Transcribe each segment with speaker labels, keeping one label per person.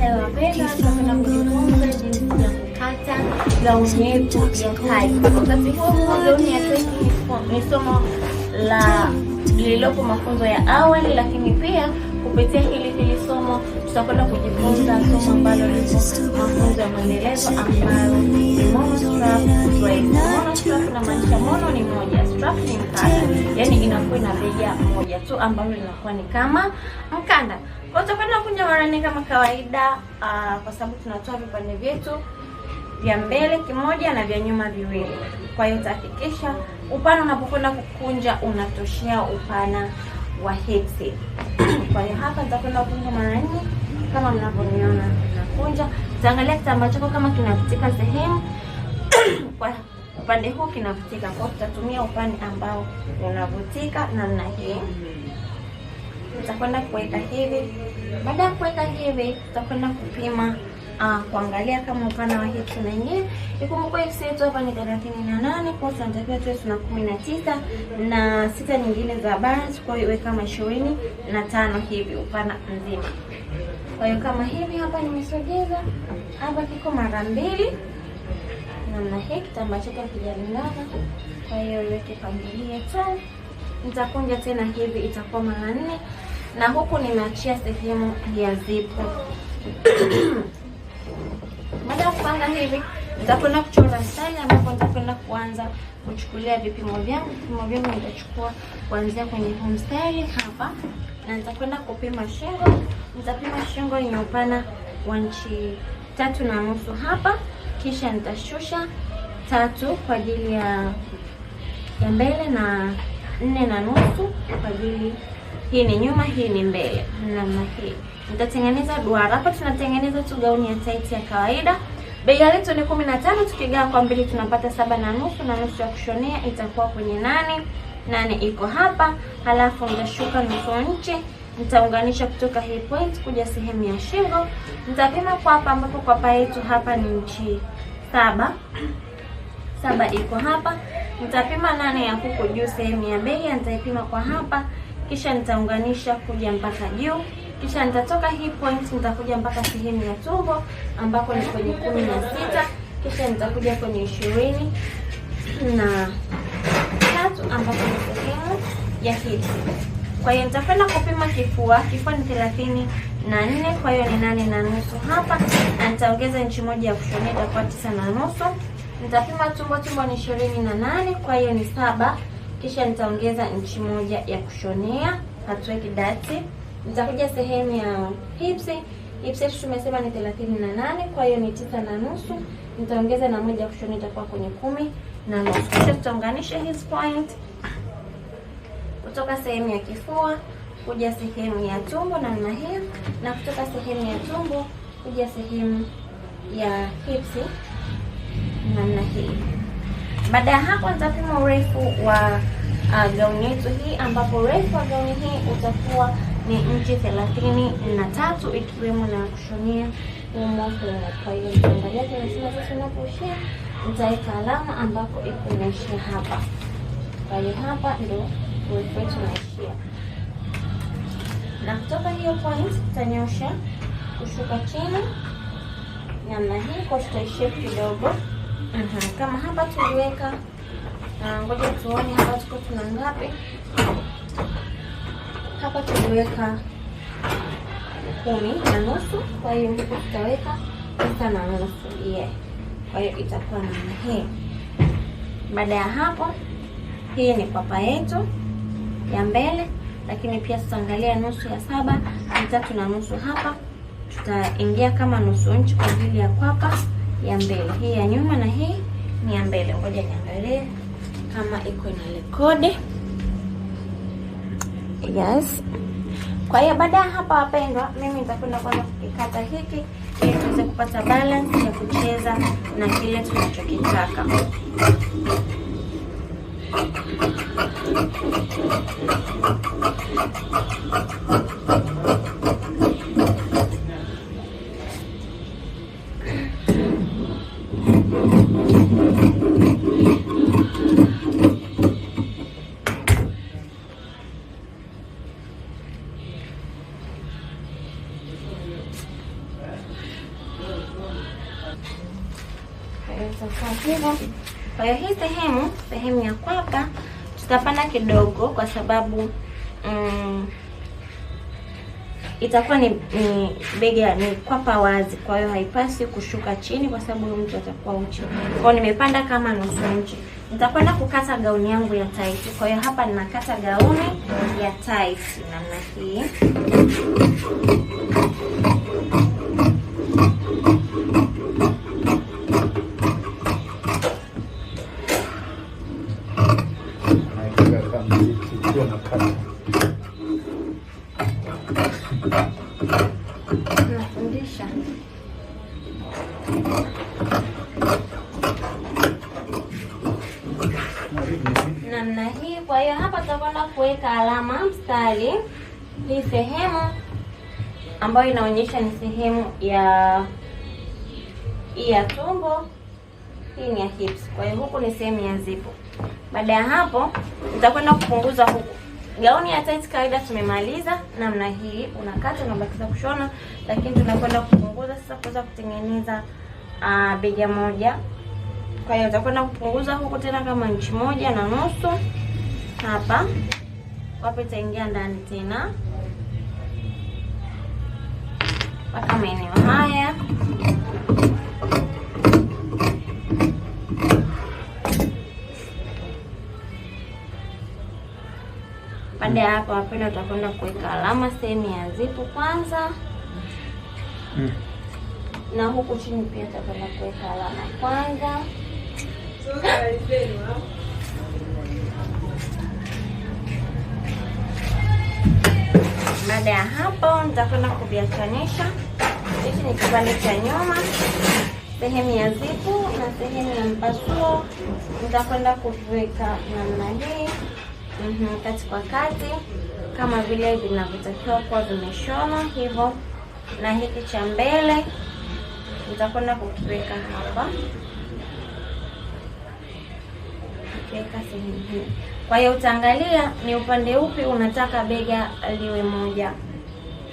Speaker 1: nawapenda kujifunza jinsi ya kukata la Wakati huu loni ya ni somo la lililopo mafunzo ya awali, lakini pia kupitia hili hili somo tutakwenda kujifunza somo ambalo lipo mafunzo ya mwendelezo ambayo ni monostrap. Inamaanisha mono ni moja, strap ni mkanda, yani inakuwa na bega moja tu ambalo linakuwa ni kama mkanda. Utakwenda kuja mara nne kama kawaida, uh, kwa sababu tunatoa vipande vyetu vya mbele kimoja na vya nyuma viwili. Kwa hiyo utahakikisha upana unapokwenda kukunja unatoshea upana wa hipsi. Kwa hiyo hapa nitakwenda kukunja mara nne kama mnavyoniona nakunja. Utaangalia kitambaa chako kama kinavutika sehemu kwa upande huu kinavutika, kwa tutatumia upande ambao unavutika namna hii. Tutakwenda kuweka hivi. Baada ya kuweka hivi, tutakwenda kupima uh, kuangalia kama upana wa hips na nyingine. Ikumbukwe hips yetu hapa ni 38, kwa sababu tunatakiwa tuwe tuna 19 na sita nyingine za balance, kwa hiyo iwe kama 25 hivi upana mzima. Kwa hiyo kama hivi hapa nimesogeza, hapa kiko mara mbili namna hii, kitambaa chetu kijalingana, kwa hiyo weke pangilie tu nitakunja tena hivi, itakuwa mara nne, na huku nimeachia sehemu ya zipu. Baada ya kufanya hivi, nitakwenda kuchora style, ambapo nitakwenda kuanza kuchukulia vipimo vyangu. Vipimo vyangu nitachukua kuanzia kwenye home style hapa, na nitakwenda kupima shingo. Nitapima shingo yenye upana wa nchi tatu na nusu hapa, kisha nitashusha tatu kwa ajili ya ya mbele na nne na nusu kwa ajili hii ni nyuma, hii ni mbele, namna hii. Nitatengeneza duara hapa, tunatengeneza tu gauni ya tight ya kawaida. Bei ya letu ni kumi na tano, tukigawa kwa mbili tunapata saba na nusu, na nusu ya kushonea itakuwa kwenye nane. Nane iko hapa, halafu nitashuka nusu nchi, nitaunganisha kutoka hii point kuja sehemu ya shingo. Nitapima kwa hapa ambapo kwapa yetu hapa ni nchi saba saba iko hapa. Nitapima nane ya kuku juu sehemu ya mbele, nitaipima kwa hapa, kisha nitaunganisha kuja mpaka juu, kisha nitatoka hii point, nitakuja mpaka sehemu ya tumbo ambako ni kwenye kumi na sita, kisha nitakuja kwenye ishirini na tatu ambapo ni sehemu ya hips. Kwa hiyo nitakwenda kupima kifua. Kifua ni thelathini na nne, kwa hiyo ni nane na nusu hapa, na nitaongeza inchi moja ya kushonea, itakuwa tisa na nusu. Nitapima tumbo, tumbo ni ishirini na nane kwa hiyo ni saba, kisha nitaongeza inchi moja ya kushonea, hatuweki kidati. Nitakuja sehemu ya hips, hips yetu tumesema ni thelathini na nane kwa hiyo ni tisa na nusu, nitaongeza na moja ya kushonea, itakuwa kwenye kumi na nusu, kisha tutaunganisha his point kutoka sehemu ya kifua kuja sehemu ya tumbo namna hiyo, na kutoka sehemu ya tumbo kuja sehemu ya hips namna hii. Baada ya hapo nitapima urefu wa uh, gauni yetu hii, ambapo urefu wa gauni hii utakuwa ni inchi thelathini na tatu ikiwemo na kushonia humo. Kwa hiyo nitaangalia tunasema sasa, unapoishia nitaweka alama ambapo iko inaishia hapa. Kwa hiyo hapa ndio urefu wetu unaishia, na kutoka hiyo point tutanyosha kushuka chini namna hii kwa shape kidogo -hmm. Kama hapa tuliweka, ngoja tuone hapa tuko tuna ngapi. Hapa tuliweka kumi na nusu, kwa hiyo ndipo tutaweka tisa na nusu yeah. Kwa hiyo itakuwa namna hii. Baada ya hapo, hii ni papa yetu ya mbele, lakini pia tutaangalia nusu ya saba ni tatu na nusu. Hapa tutaingia kama nusu nchi kwa ajili ya kwapa ya mbele, hii ya nyuma na hii ni ya mbele. Ngoja niangalie kama iko na rekodi. Yes. Kwa hiyo baada ya hapa, wapendwa, mimi nitakwenda kwanza kukikata hiki ili tuweze kupata balance ya kucheza na kile tunachokitaka. hivyo. Kwa hiyo hii sehemu sehemu ya kwapa tutapanda kidogo, kwa sababu mm, itakuwa ni, ni bega ni kwapa wazi, kwa hiyo haipasi kushuka chini, kwa sababu huyu mtu atakuwa uchi. Kwa hiyo nimepanda kama nusu inchi. Nitakwenda kukata gauni yangu ya tight. Kwa hiyo hapa ninakata gauni ya tight namna hii. tunafundisha namna hii. Kwa hiyo hapa tutakwenda kuweka alama mstari. Hii sehemu ambayo inaonyesha ni sehemu ya hii ya tumbo, hii ni ya hips. Kwa hiyo huku ni sehemu ya zipu. Baada ya hapo, nitakwenda kupunguza huku Gauni ya tight kawaida tumemaliza namna hii, unakata unabakiza kushona, lakini tunakwenda kupunguza sasa kuweza kutengeneza uh, bega moja. Kwa hiyo utakwenda kupunguza huku tena kama inchi moja na nusu hapa, wapo itaingia ndani tena mpaka maeneo haya. Baada ya hapo, wapenda utakwenda kuweka alama sehemu ya zipu kwanza mm. na huku chini pia utakwenda kuweka alama kwanza Baada ya hapo nitakwenda kuviachanisha. hichi ni kipande cha nyuma, sehemu ya zipu na sehemu ya mpasuo, nitakwenda kuviweka namna hii mm -hmm, kati kwa kati kama vile vinavyotakiwa kuwa vimeshona hivyo, na hiki cha mbele nitakwenda kukiweka hapa, kiweka sehemu hii. Kwa hiyo utaangalia ni upande upi unataka bega liwe moja.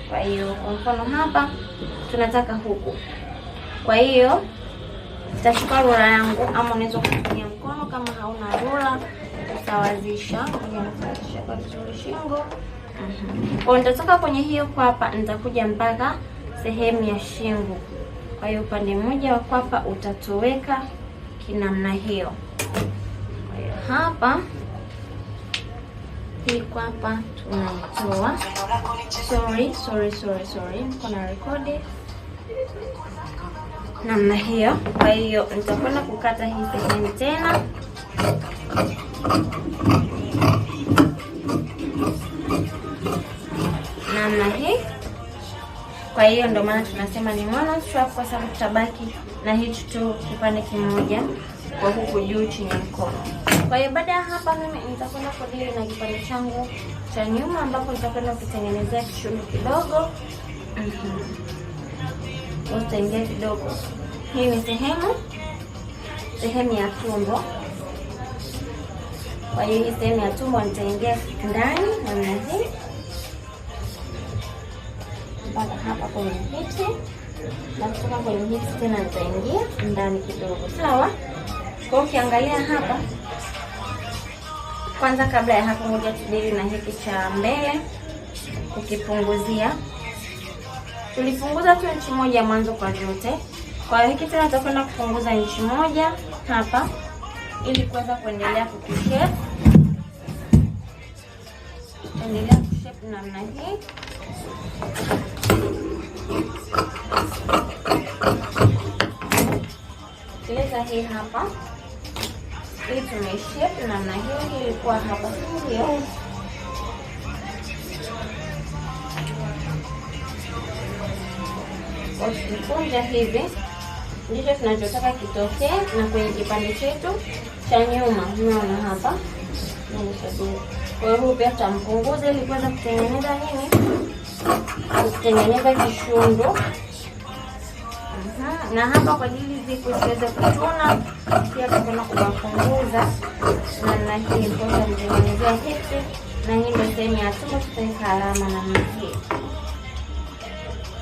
Speaker 1: Kwa hiyo kwa mfano hapa tunataka huku, kwa hiyo nitachukua rula yangu, ama unaweza kutumia mkono kama hauna rula nitasawazisha nitasawazisha kwa vizuri shingo nitatoka kwenye hiyo kwapa, nitakuja mpaka sehemu ya shingo. Kwa hiyo upande mmoja wa kwapa utatoweka kinamna hiyo. Kwa hiyo hapa hii kwapa tunaitoa. Sorry, sorry, sorry, sorry, kuna rekodi namna hiyo. Kwa hiyo nitakwenda kukata hii sehemu tena namna hii. Kwa hiyo ndio maana tunasema ni monostrap kwa sababu tutabaki na hichi tu kipande kimoja kwa huku juu chini mkono. Kwa hiyo baada ya hapa, mimi nitakwenda kudili na kipande changu cha nyuma, ambapo nitakwenda kutengenezea kishuli kidogo utaingia mhm. kidogo. Hii ni sehemu sehemu ya tumbo. Kwa hiyo hii sehemu ya tumbo nitaingia ndani namna hii mpaka hapa kwenye hiti na kutoka kwenye hips tena nitaingia ndani kidogo, sawa. Kwa ukiangalia hapa kwanza, kabla ya hapo, moja tudili na hiki cha mbele, ukipunguzia tulipunguza tu inchi moja mwanzo kwa vyote. Kwa hiyo hiki tena tutakwenda kupunguza inchi moja hapa ili kuweza kuendelea kutushape, endelea kushape namna hii kileta hii hapa ili tumeshape namna hii, ilikuwa hapa hiyo wakikunja hivi ndicho tunachotaka kitokee, na kwenye kipande chetu cha nyuma unaona hapa Kwa hiyo pia tutampunguza ili kuweza kutengeneza nini, kutengeneza kishundu. na hapa kwa ajili ziku siweze kutuna pia tutakwenda kuwapunguza namna hii, kwa kutengenezea hivi, na hii ndio sehemu ya tumbo, tutaweka alama namna hii.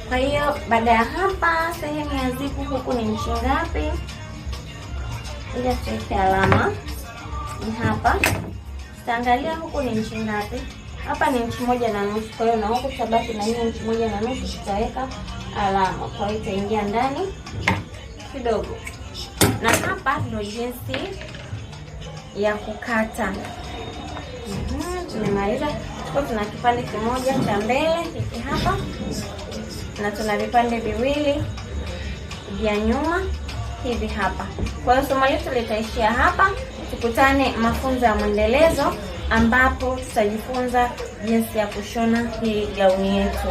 Speaker 1: Kwa hiyo baada ya hapa, sehemu ya zipu huku ni nchi ngapi, ila tuweke alama ni hapa. Tutaangalia huku ni nchi ngapi. Hapa ni nchi moja na nusu, kwa hiyo na huku tabaki na hii nchi moja na nusu, tutaweka alama, kwa hiyo itaingia ndani kidogo. Na hapa ndio jinsi ya kukata. Mhm, tumemaliza, tuko tuna kipande kimoja cha mbele hiki hapa na tuna vipande viwili vya nyuma hivi hapa. Kwa hiyo somo letu litaishia hapa, tukutane mafunzo ya mwendelezo ambapo tutajifunza jinsi ya kushona hii gauni yetu.